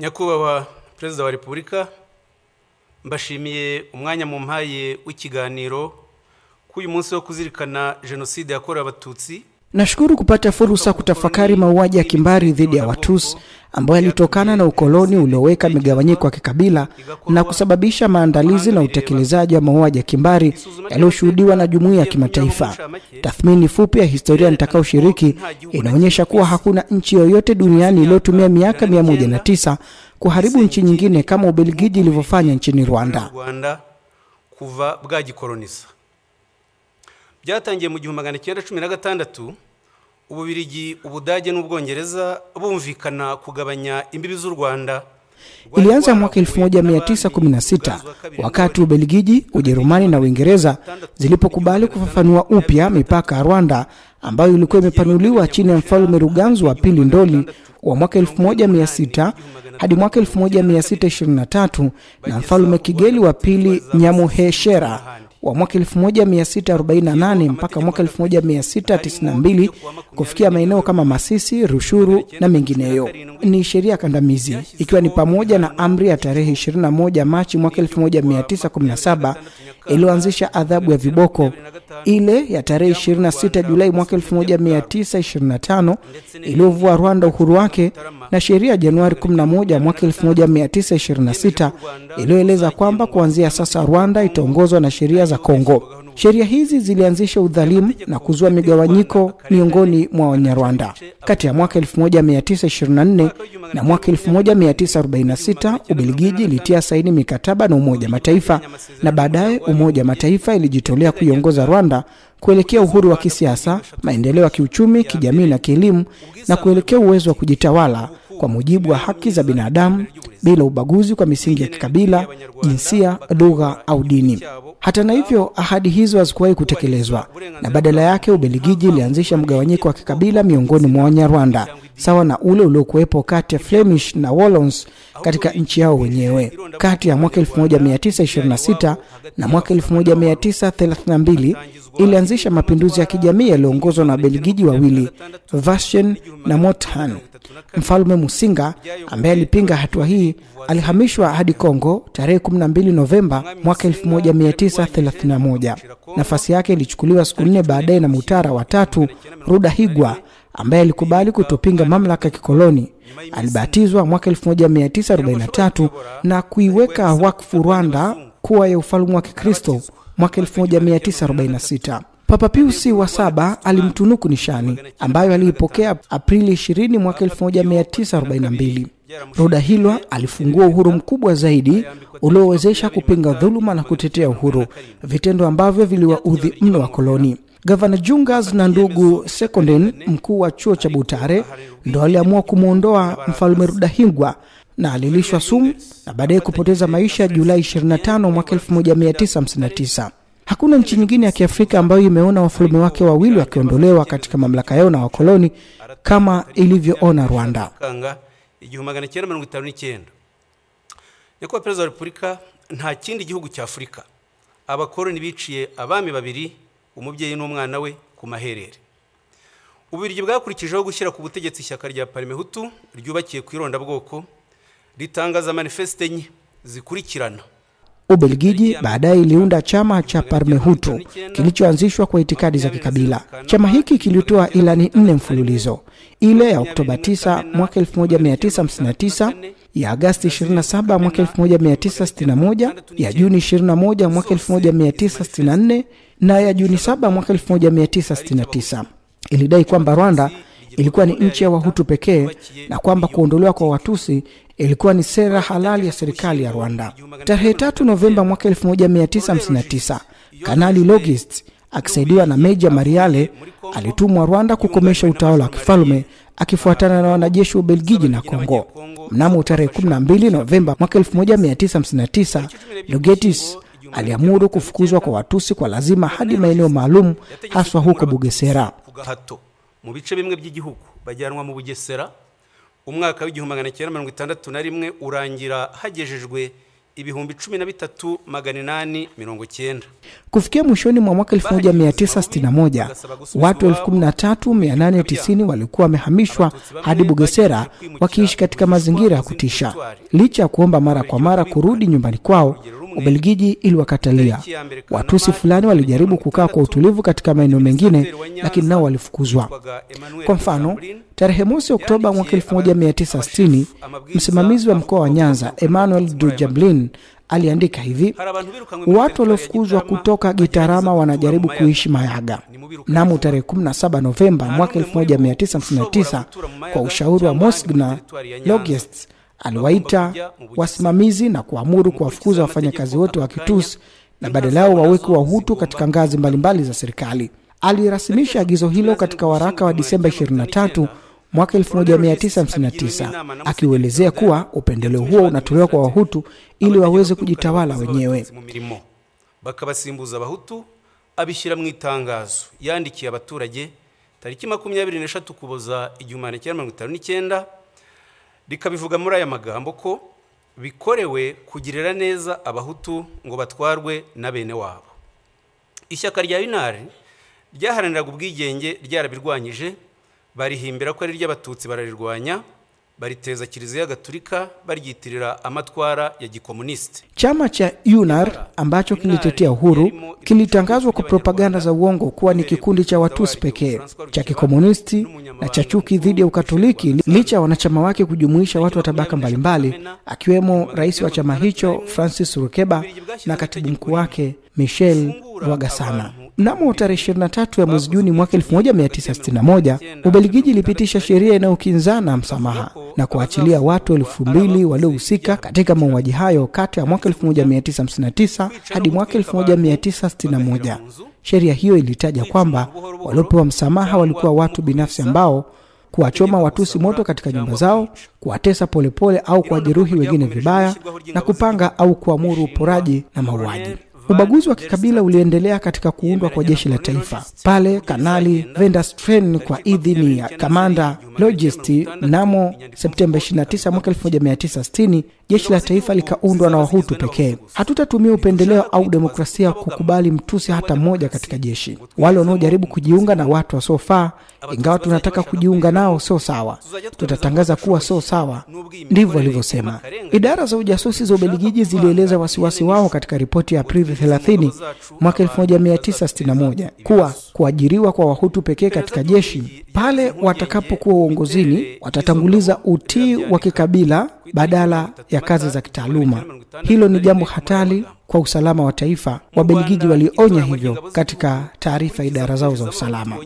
nyakubahwa perezida wa repubulika mbashimiye umwanya mu mpaye w'ikiganiro uyu munsi wo kuzirikana jenoside yakorewe abatutsi Nashukuru kupata fursa kutafakari mauaji ya kimbari dhidi ya Watus ambayo yalitokana na ukoloni ulioweka migawanyiko ya kikabila na kusababisha maandalizi na utekelezaji wa mauaji ya kimbari yaliyoshuhudiwa na jumuiya ya kimataifa. Tathmini fupi ya historia nitakayoshiriki inaonyesha kuwa hakuna nchi yoyote duniani iliyotumia miaka 109 kuharibu nchi nyingine kama Ubelgiji ilivyofanya nchini Rwanda byatangiye mu gihumbi magana cyenda cumi na gatandatu ububirigi ubudage n'ubwongereza bumvikana kugabanya imbibi z'u rwanda Ilianza mwaka 1916 wakati Ubelgiji, Ujerumani na Uingereza zilipokubali kufafanua upya mipaka ya Rwanda ambayo ilikuwa imepanuliwa chini ya mfalme Ruganzu wa pili Ndoli wa mwaka 1600 hadi mwaka 1623 na mfalme Kigeli wa pili Nyamuheshera wa mwaka 1648 mpaka mwaka 1692 kufikia maeneo kama Masisi, Rushuru na mengineyo. Ni sheria kandamizi ikiwa ni pamoja na amri ya tarehe 21 Machi mwaka 1917 iliyoanzisha adhabu ya viboko. Ile ya tarehe 26 Julai mwaka 1925 iliyovua Rwanda uhuru wake na sheria ya Januari 11 mwaka 1926 iliyoeleza kwamba kuanzia sasa Rwanda itaongozwa na sheria za Kongo. Sheria hizi zilianzisha udhalimu na kuzua migawanyiko miongoni mwa Wanyarwanda. Kati ya mwaka 1924 na mwaka 1946, Ubelgiji ilitia saini mikataba na Umoja Mataifa, na baadaye Umoja Mataifa ilijitolea kuiongoza Rwanda kuelekea uhuru wa kisiasa, maendeleo ya kiuchumi, kijamii na kielimu na kuelekea uwezo wa kujitawala kwa mujibu wa haki za binadamu bila ubaguzi kwa misingi ya kikabila, jinsia, lugha au dini. Hata na hivyo, ahadi hizo hazikuwahi kutekelezwa na badala yake Ubelgiji ilianzisha mgawanyiko wa kikabila miongoni mwa Wanyarwanda sawa na ule uliokuwepo kati ya Flemish na Wallons katika nchi yao wenyewe. Kati ya mwaka 1926 na mwaka 1932 ilianzisha mapinduzi ya kijamii yaliyoongozwa na Wabelgiji wawili vashen na Mothan. Mfalme Musinga ambaye alipinga hatua hii alihamishwa hadi Kongo tarehe 12 Novemba 1931. Nafasi yake ilichukuliwa siku nne baadaye na Mutara wa tatu higwa ambaye alikubali kutopinga mamlaka ya kikoloni. Alibatizwa mwaka 1943 na kuiweka wakfu Rwanda kuwa ya ufalme wa Kikristo mwaka 1946. Papa Piusi wa saba alimtunuku nishani ambayo aliipokea Aprili 20 mwaka 1942. Roda Hilwa alifungua uhuru mkubwa zaidi uliowezesha kupinga dhuluma na kutetea uhuru, vitendo ambavyo viliwaudhi mno wa koloni. Gavana Jungas na ndugu Sekonden, mkuu wa chuo cha Butare, ndo aliamua kumwondoa mfalme Rudahigwa na alilishwa sumu na baadaye kupoteza maisha Julai 25 mwaka 1959. Hakuna nchi nyingine ya Kiafrika ambayo imeona wafalme wake wawili wakiondolewa katika mamlaka yao na wakoloni kama ilivyoona Rwanda. Nyakubahwa Perezida wa Repubulika, nta kindi gihugu cya Afurika abakoloni biciye abami babiri umubyeyi n'umwana we ku maherere. Ububirigi bwakurikijeho gushyira ku butegetsi ishyaka rya Parmehutu ryubakiye ku irondabwoko litangaza manifeste enye zikurikirana. Ubelgiji baadaye iliunda chama cha Parmehutu kilichoanzishwa kwa itikadi za kikabila. Chama hiki kilitoa ilani nne mfululizo, ile ya Oktoba 9 mwaka 1959, ya Agasti 27 mwaka 1961, ya Juni 21 mwaka 1964 na ya Juni 7 mwaka 1969. Ilidai kwamba Rwanda ilikuwa ni nchi ya Wahutu pekee na kwamba kuondolewa kwa Watusi ilikuwa ni sera halali ya serikali ya Rwanda. Tarehe tatu Novemba mwaka 1959 Kanali Logist akisaidiwa na Meja Mariale alitumwa Rwanda kukomesha utawala wa kifalume akifuatana na wanajeshi wa Ubelgiji na Kongo. Mnamo tarehe 12 Novemba mwaka 1959 Logetis aliamuru kufukuzwa kwa Watusi kwa lazima hadi maeneo maalum haswa huko Bugesera. mu bice bimwe by'igihugu bajyanwa mu Bugesera umwaka w'igihumbi magana cyenda mirongo itandatu na rimwe urangira hagejejwe ibihumbi cumi na bitatu magana inani mirongo cyenda kufikia mwishoni mwa mwaka elfu moja mia tisa sitini na moja watu elfu kumi na tatu mia nane tisini walikuwa wamehamishwa hadi Bugesera wakiishi katika mazingira ya kutisha licha ya kuomba mara kwa mara kurudi nyumbani kwao Ubelgiji iliwakatalia. Watusi fulani walijaribu kukaa kwa utulivu katika maeneo mengine, lakini nao walifukuzwa. Kwa mfano, tarehe mosi Oktoba mwaka 1960 msimamizi wa mkoa wa Nyanza Emmanuel du Jablin aliandika hivi: watu waliofukuzwa kutoka Gitarama wanajaribu kuishi Mayaga. Mnamo tarehe 17 Novemba mwaka 1959 kwa ushauri wa Mosgna Logiest Aliwaita wasimamizi na kuamuru kuwafukuza wafanyakazi wote wa Kitusi na badala yao waweke Wahutu katika ngazi mbalimbali za serikali. Alirasimisha agizo hilo katika waraka wa Disemba 23 mwaka 1959 akiuelezea kuwa upendeleo huo unatolewa kwa Wahutu ili waweze kujitawala wenyewe. bakabasimbuza Abahutu abishyira mu itangazo yandikiye abaturage tariki makumyabiri n'eshatu Ukuboza igihumbi magana cyenda mirongo itanu n'icyenda rikabivuga muri aya magambo ko bikorewe kugirira neza abahutu ngo batwarwe na bene wabo ishyaka rya inari ryaharaniraga ubwigenge ryarabirwanyije barihimbira ko ari iry'abatutsi bararirwanya bariteza kiliziya gaturika baryitirira amatwara ya gikomunisti. Chama cha UNAR ambacho kilitetea uhuru kilitangazwa kwa propaganda za uongo kuwa ni kikundi cha Watusi pekee cha kikomunisti na cha chuki dhidi ya Ukatoliki, licha ya wanachama wake kujumuisha watu wa tabaka mbalimbali, akiwemo rais wa chama hicho Francis Rukeba na katibu mkuu wake Michel Rwagasana. Mnamo tarehe 23 ya mwezi Juni mwaka 1961 Ubelgiji ilipitisha sheria inayokinzana msamaha na kuachilia watu elfu mbili waliohusika katika mauaji hayo kati ya mwaka 1959 hadi mwaka 1961. Sheria hiyo ilitaja kwamba waliopewa msamaha walikuwa watu binafsi ambao kuwachoma watusi moto katika nyumba zao, kuwatesa polepole au kuwajeruhi wengine vibaya, na kupanga au kuamuru uporaji na mauaji. Ubaguzi wa kikabila uliendelea katika kuundwa kwa jeshi la taifa pale Kanali Vendastren kwa idhini ya kamanda Logist mnamo Septemba 29 mwaka 1960 jeshi la taifa likaundwa na Wahutu pekee. Hatutatumia upendeleo au demokrasia kukubali mtusi hata mmoja katika jeshi. Wale wanaojaribu kujiunga na watu wasiofaa, ingawa tunataka kujiunga nao, sio sawa. Tutatangaza kuwa sio sawa, ndivyo walivyosema Idara za ujasusi za Ubelgiji zilieleza wasiwasi wao katika ripoti ya Aprili 30 mwaka 1961 kuwa kuajiriwa kwa Wahutu pekee katika jeshi. Pale watakapokuwa uongozini, watatanguliza utii wa kikabila badala ya kazi za kitaaluma. Hilo ni jambo hatari kwa usalama wa taifa. Wabelgiji walionya hivyo katika taarifa idara zao za usalama.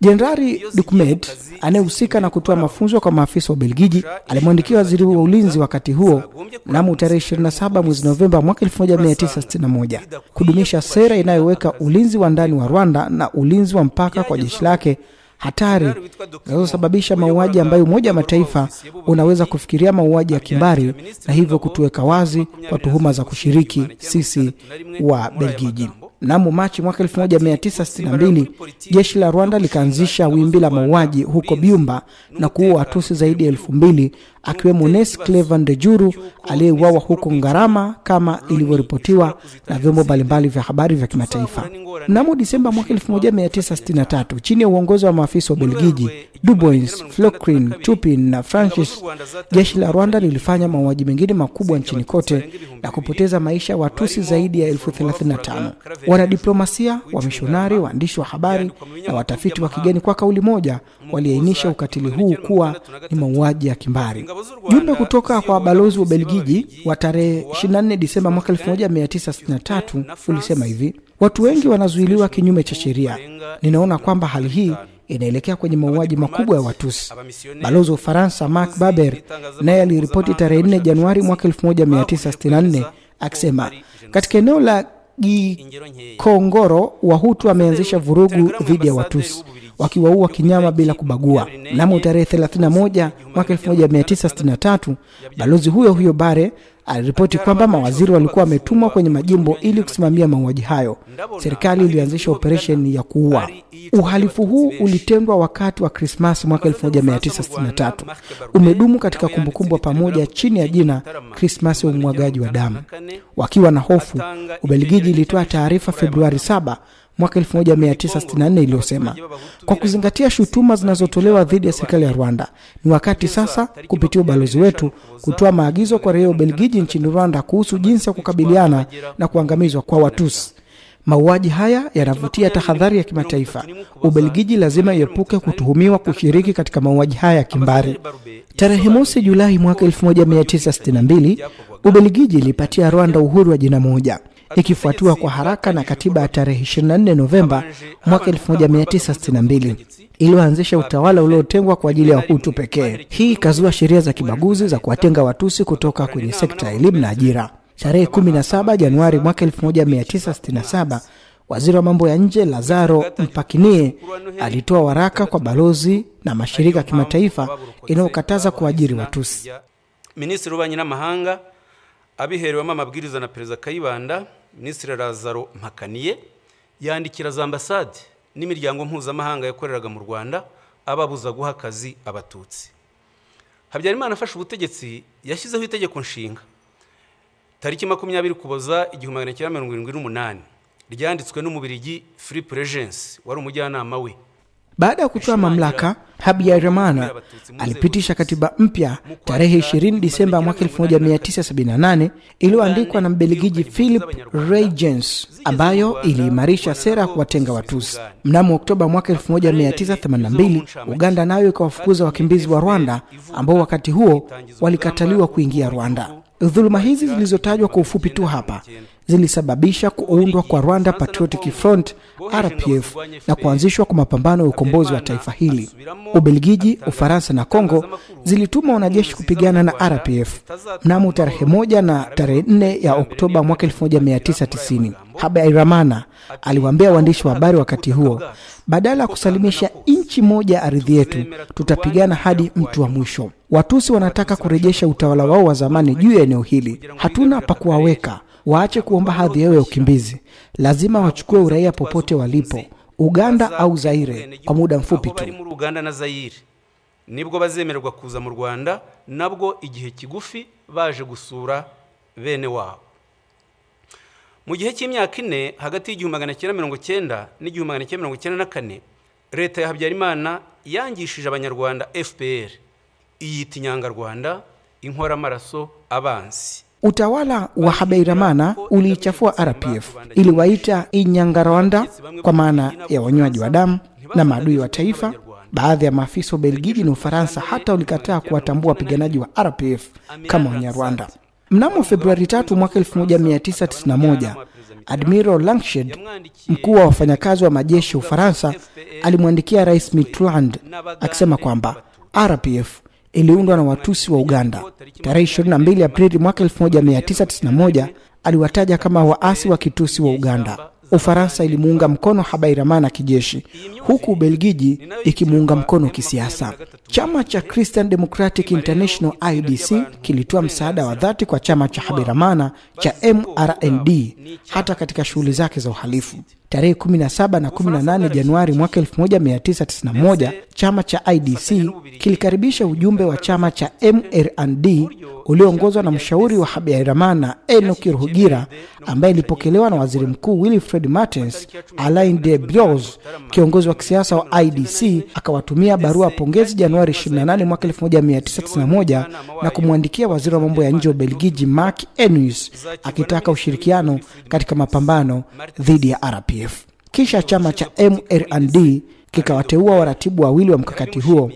Jenerali Dukmet anayehusika na kutoa mafunzo kwa maafisa wa Ubelgiji alimwandikia waziri wa ulinzi wakati huo mnamo tarehe 27 mwezi Novemba 1961 kudumisha sera inayoweka ulinzi wa ndani wa Rwanda na ulinzi ulinzi wa mpaka kwa jeshi lake hatari zinazosababisha mauaji ambayo Umoja wa Mataifa unaweza kufikiria mauaji ya kimbari na hivyo kutuweka wazi kwa tuhuma za kushiriki sisi wa Belgiji. Mnamo Machi mwaka 1962 jeshi la Rwanda likaanzisha wimbi la mauaji huko Byumba na kuua Watusi zaidi ya elfu mbili akiwemo Nes Clevan juru aliyeuawa huko Ngarama kama ilivyoripotiwa na vyombo mbalimbali vya habari vya kimataifa. Mnamo Disemba mwaka 1963 chini ya uongozi wa maafisa wa Belgiji, Dubois, Flocrin, Tupin na Francis, jeshi la Rwanda lilifanya mauaji mengine makubwa nchini kote na kupoteza maisha ya Watusi zaidi ya 35. Wanadiplomasia, wamishonari, waandishi wa habari na watafiti wa kigeni kwa kauli moja waliainisha ukatili huu kuwa ni mauaji ya kimbari. Jumbe kutoka kwa balozi wa Ubelgiji wa tarehe 24 Disemba mwaka 1963 ulisema hivi: watu wengi wanazuiliwa kinyume cha sheria. Ninaona kwamba hali hii inaelekea kwenye mauaji makubwa ya Watusi. Balozi wa Ufaransa Mark baber naye aliripoti tarehe 4 Januari mwaka 1964 akisema katika eneo la Gikongoro Wahutu wameanzisha vurugu dhidi ya Watusi wakiwaua kinyama bila kubagua. Mnamo tarehe 31 mwaka 1963 balozi huyo huyo Bare aliripoti kwamba mawaziri walikuwa wametumwa kwenye majimbo ili kusimamia mauaji hayo. Serikali ilianzisha operesheni ya kuua. Uhalifu huu ulitendwa wakati wa Krismasi mwaka 1963, umedumu katika kumbukumbu pamoja chini ya jina Krismasi ya umwagaji wa damu. Wakiwa na hofu, Ubelgiji ilitoa taarifa Februari 7 mwaka 1964 iliyosema kwa kuzingatia shutuma zinazotolewa dhidi ya serikali ya Rwanda, ni wakati sasa kupitia ubalozi wetu kutoa maagizo kwa raia wa Ubelgiji nchini Rwanda kuhusu jinsi ya kukabiliana na kuangamizwa kwa Watusi. Mauaji haya yanavutia tahadhari ya kimataifa. Ubelgiji lazima iepuke kutuhumiwa kushiriki katika mauaji haya ya kimbari. Tarehe mosi Julai mwaka 1962 Ubelgiji ilipatia Rwanda uhuru wa jina moja ikifuatiwa kwa haraka na katiba ya tarehe 24 Novemba mwaka 1962 iliyoanzisha utawala uliotengwa kwa ajili ya Wahutu pekee. Hii ikazua sheria za kibaguzi za kuwatenga Watusi kutoka kwenye sekta ya elimu na ajira. Tarehe 17 Januari mwaka 1967 waziri wa mambo ya nje Lazaro Mpakinie alitoa waraka kwa balozi na mashirika ya kimataifa inayokataza kuajiri Watusi. Minisitiri w'ububanyi n'amahanga abiherewemo amabwiriza na Perezida Kayibanda minisitiri Lazaro mpakaniye yandikira za ambasade n'imiryango mpuzamahanga yakoreraga mu rwanda ababuza guha akazi abatutsi habyarimana afashe ubutegetsi yashyizeho itegeko nshinga tariki makumyabiri kuboza igihumbi magana cyenda mirongo irindwi n'umunani ryanditswe n'umubirigi filipe regensi wari umujyanama we Baada ya kutoa mamlaka, Habyarimana alipitisha katiba mpya tarehe 20 Disemba 1978 iliyoandikwa na mbeligiji Philip regens ambayo iliimarisha sera ya kuwatenga Watusi. Mnamo Oktoba 1982 Uganda nayo ikawafukuza wakimbizi wa Rwanda ambao wakati huo walikataliwa kuingia Rwanda. Dhuluma hizi zilizotajwa kwa ufupi tu hapa zilisababisha kuundwa kwa Rwanda Patriotic Front RPF na kuanzishwa kwa mapambano ya ukombozi wa taifa hili. Ubelgiji, Ufaransa na Kongo zilituma wanajeshi kupigana na RPF mnamo tarehe moja na tarehe nne ya Oktoba mwaka 1990. Habyarimana aliwaambia waandishi wa habari wakati huo, badala ya kusalimisha nchi moja ya ardhi yetu, tutapigana hadi mtu wa mwisho. Watusi wanataka kurejesha utawala wao wa zamani juu ya eneo hili, hatuna pa kuwaweka waache kuomba hadhi yao ya ukimbizi. Lazima wachukue uraia popote walipo, Uganda au Zaire, kwa muda mfupi tu. Uganda na Zaire nibwo bazemererwa kuza mu Rwanda, nabwo igihe kigufi, baje gusura bene wabo mu gihe cy'imyaka ine hagati y'igihumbi magana cyenda mirongo cyenda n'igihumbi magana cyenda mirongo cyenda na kane leta ya habyarimana yangishije abanyarwanda fpr iyita inyangarwanda inkoramaraso abanzi Utawala wa Habairamana uliichafua RPF, iliwaita Inyangarwanda kwa maana ya wanywaji wa damu na maadui wa taifa. Baadhi ya maafisa wa Belgiji na Ufaransa hata walikataa kuwatambua wapiganaji wa RPF kama Wanyarwanda. Mnamo Februari 3 mwaka 1991, Admiral Langshed, mkuu wa wafanyakazi wa majeshi ya Ufaransa, alimwandikia Rais Mitterrand akisema kwamba RPF iliundwa na Watusi wa Uganda tarehe 22 Aprili mwaka 1991 aliwataja kama waasi wa Kitusi wa Uganda. Ufaransa ilimuunga mkono habairamana kijeshi, huku Ubelgiji ikimuunga mkono kisiasa. Chama cha Christian Democratic International IDC kilitoa msaada wa dhati kwa chama cha habairamana cha MRND hata katika shughuli zake za uhalifu. Tarehe 17 na 18 Januari mwaka 1991 chama cha IDC kilikaribisha ujumbe wa chama cha MRND ulioongozwa na mshauri wa Habyarimana Enoch Ruhugira, ambaye ilipokelewa na waziri mkuu Wilfred Martens. Alain de Brioze, kiongozi wa kisiasa wa IDC, akawatumia barua pongezi Januari 28 mwaka 1991 na kumwandikia waziri wa mambo ya nje wa Ubelgiji Mark Enuis akitaka ushirikiano katika mapambano dhidi ya RP ADF. Kisha chama cha MRND kikawateua waratibu wawili wa mkakati huo,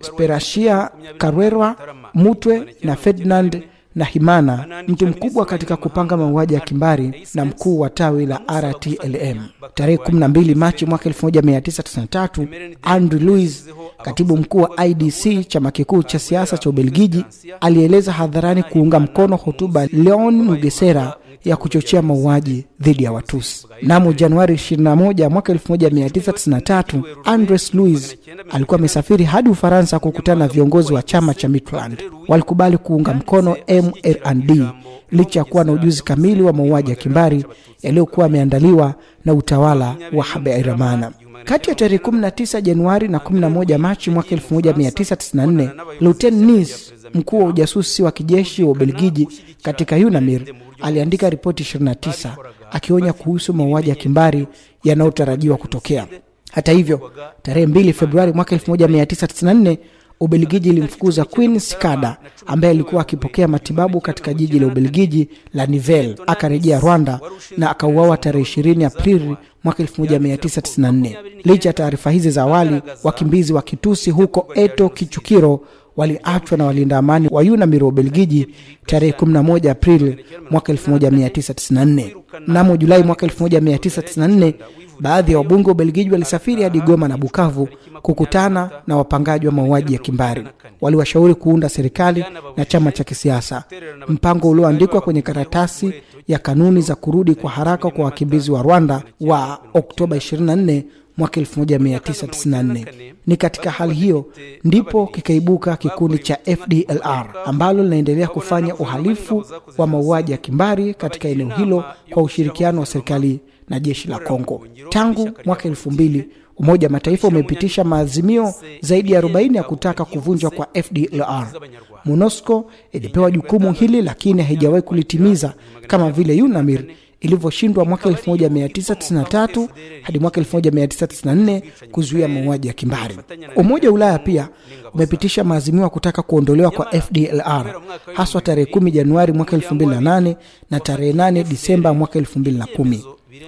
Sperashia Karwerwa Mutwe na Ferdinand na Himana, mtu mkubwa katika kupanga mauaji ya kimbari na mkuu wa tawi la RTLM. Tarehe 12 Machi mwaka 1993, Andrew Louis, katibu mkuu wa IDC, chama kikuu cha siasa cha Ubelgiji, alieleza hadharani kuunga mkono hotuba Leon Mugesera ya kuchochea mauaji dhidi ya Watusi. Mnamo Januari 21 mwaka 1993, Andres Louis alikuwa amesafiri hadi Ufaransa kukutana na viongozi wa chama cha Mitterrand. Walikubali kuunga mkono MRND licha ya kuwa na ujuzi kamili wa mauaji ya kimbari yaliyokuwa yameandaliwa na utawala wa Habyarimana. Kati ya tarehe 19 Januari na 11 Machi mwaka 1994, Luten Nis, mkuu wa ujasusi wa kijeshi wa Ubelgiji katika UNAMIR aliandika ripoti 29 akionya kuhusu mauaji ya kimbari yanayotarajiwa kutokea. Hata hivyo, tarehe 2 Februari mwaka 1994 Ubelgiji ilimfukuza Queen Sikada ambaye alikuwa akipokea matibabu katika jiji la Ubelgiji la Nivelle. Akarejea Rwanda na akauawa tarehe 20 Aprili mwaka 1994. Licha ya taarifa hizi za awali, wakimbizi wa Kitusi huko Eto Kichukiro waliachwa na walinda amani wa Yuna Miro Belgiji tarehe 11 Aprili mwaka 1994. Mnamo Julai mwaka 1994, baadhi ya wabunge wa Ubelgiji walisafiri hadi Goma na Bukavu kukutana na wapangaji wa mauaji ya kimbari. Waliwashauri kuunda serikali na chama cha kisiasa, mpango ulioandikwa kwenye karatasi ya kanuni za kurudi kwa haraka kwa wakimbizi wa Rwanda wa Oktoba 24 mwaka 1994. Ni katika hali hiyo ndipo kikaibuka kikundi cha FDLR ambalo linaendelea kufanya uhalifu wa mauaji ya kimbari katika eneo hilo kwa ushirikiano wa serikali na jeshi la Kongo. Tangu mwaka elfu mbili Umoja wa Mataifa umepitisha maazimio zaidi ya 40 ya kutaka kuvunjwa kwa FDLR. monosco ilipewa jukumu hili lakini haijawahi kulitimiza kama vile UNAMIR ilivyoshindwa mwaka 1993 hadi mwaka 1994 kuzuia mauaji ya kimbari. Umoja wa Ulaya pia umepitisha maazimio ya kutaka kuondolewa kwa FDLR haswa tarehe 10 Januari mwaka 2008 na tarehe 8 Disemba mwaka 2010.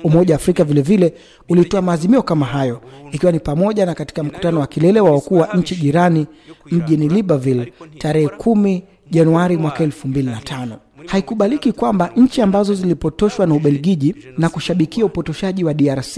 Umoja wa Afrika vilevile ulitoa maazimio kama hayo ikiwa ni pamoja na katika mkutano wa kilele wa wakuu wa nchi jirani mjini Libreville tarehe 10 Januari mwaka 2005. Haikubaliki kwamba nchi ambazo zilipotoshwa na Ubelgiji na kushabikia upotoshaji wa DRC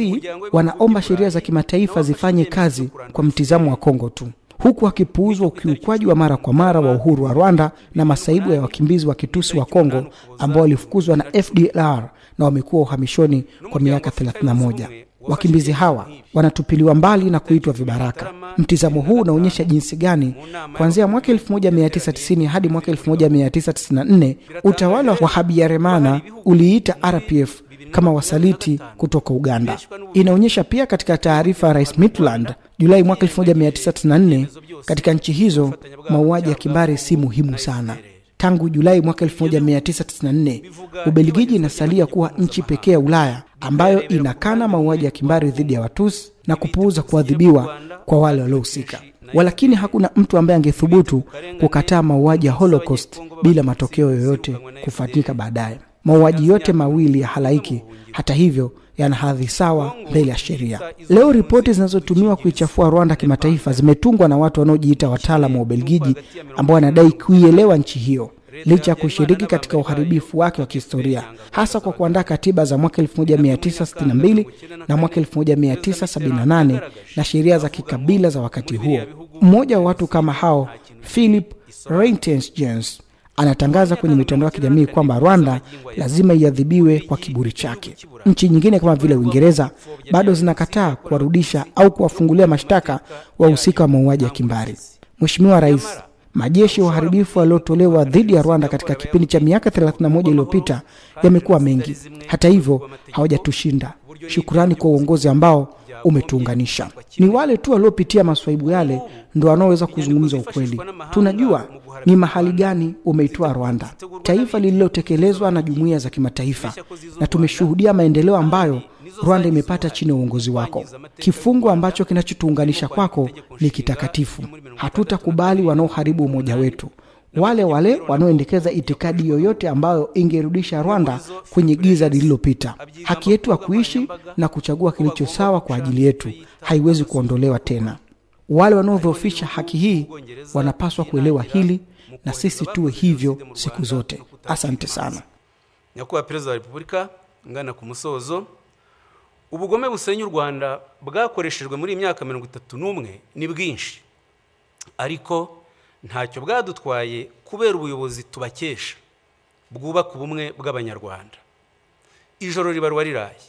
wanaomba sheria za kimataifa zifanye kazi kwa mtizamo wa Kongo tu huku akipuuzwa ukiukwaji wa mara kwa mara wa uhuru wa Rwanda na masaibu ya wakimbizi wa kitusi wa Kongo ambao walifukuzwa na FDLR na wamekuwa uhamishoni kwa miaka 31 wakimbizi hawa wanatupiliwa mbali na kuitwa vibaraka. Mtizamo huu unaonyesha jinsi gani kuanzia mwaka 1990 hadi mwaka 1994 utawala wa Habyarimana uliita RPF kama wasaliti kutoka Uganda. Inaonyesha pia katika taarifa ya Rais Mitterrand Julai mwaka 1994, katika nchi hizo mauaji ya kimbari si muhimu sana. Tangu Julai mwaka 1994, Ubelgiji inasalia kuwa nchi pekee ya Ulaya ambayo inakana mauaji ya kimbari dhidi ya Watusi na kupuuza kuadhibiwa kwa wale waliohusika. Walakini hakuna mtu ambaye angethubutu kukataa mauaji ya Holocaust bila matokeo yoyote kufatika baadaye. Mauaji yote mawili ya halaiki, hata hivyo, yana hadhi sawa mbele ya sheria. Leo ripoti zinazotumiwa kuichafua Rwanda kimataifa zimetungwa na watu wanaojiita wataalamu wa Ubelgiji ambao wanadai kuielewa nchi hiyo licha ya kushiriki katika uharibifu wake wa kihistoria, hasa kwa kuandaa katiba za mwaka 1962 na mwaka 1978 na sheria za kikabila za wakati huo. Mmoja wa watu kama hao, Philip Reintjens, anatangaza kwenye mitandao ya kijamii kwamba Rwanda lazima iadhibiwe kwa kiburi chake. Nchi nyingine kama vile Uingereza bado zinakataa kuwarudisha au kuwafungulia mashtaka wahusika wa mauaji ya kimbari. mweshimiwa Rais, Majeshi ya uharibifu yaliyotolewa dhidi ya Rwanda katika kipindi cha miaka 31 iliyopita yamekuwa mengi. Hata hivyo, hawajatushinda. Shukurani kwa uongozi ambao umetuunganisha. Ni wale tu waliopitia maswaibu yale ndio wanaoweza kuzungumza ukweli. Tunajua ni mahali gani umeitoa Rwanda, taifa lililotekelezwa na jumuiya za kimataifa, na tumeshuhudia maendeleo ambayo Rwanda imepata chini ya uongozi wako. Kifungo ambacho kinachotuunganisha kwako ni kitakatifu. Hatutakubali wanaoharibu umoja wetu, wale wale wanaoendekeza itikadi yoyote ambayo ingerudisha Rwanda kwenye giza lililopita. Haki yetu ya kuishi na kuchagua kilicho sawa kwa ajili yetu haiwezi kuondolewa tena. Wale wanaodhoofisha haki hii wanapaswa kuelewa hili na sisi tuwe hivyo siku zote. Asante sana. Nyakubahwa perezida wa repubulika ngana ku musozo ubugome busenya u rwanda bwakoreshejwe muri iyi myaka mirongo itatu n'umwe ni bwinshi ariko ntacyo bwadutwaye kubera ubuyobozi tubakesha bwubaka ubumwe bw'abanyarwanda ijoro ribaruwa riraye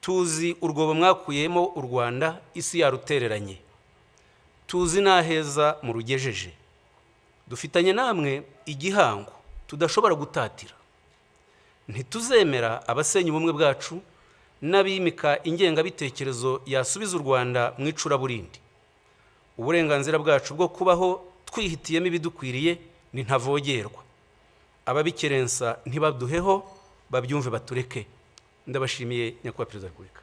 tuzi urwobo mwakuyemo u rwanda isi yarutereranye tuzi n'aheza rugejeje dufitanye namwe igihango tudashobora gutatira ntituzemera abasenya ubumwe bwacu n'abimika ingengabitekerezo yasubiza u rwanda mu icuraburindi uburenganzira bwacu bwo kubaho twihitiyemo ibidukwiriye ntintavogerwa ababikerensa ntibaduheho babyumve batureke ndabashimiye nyakubahwa perezida wa repubulika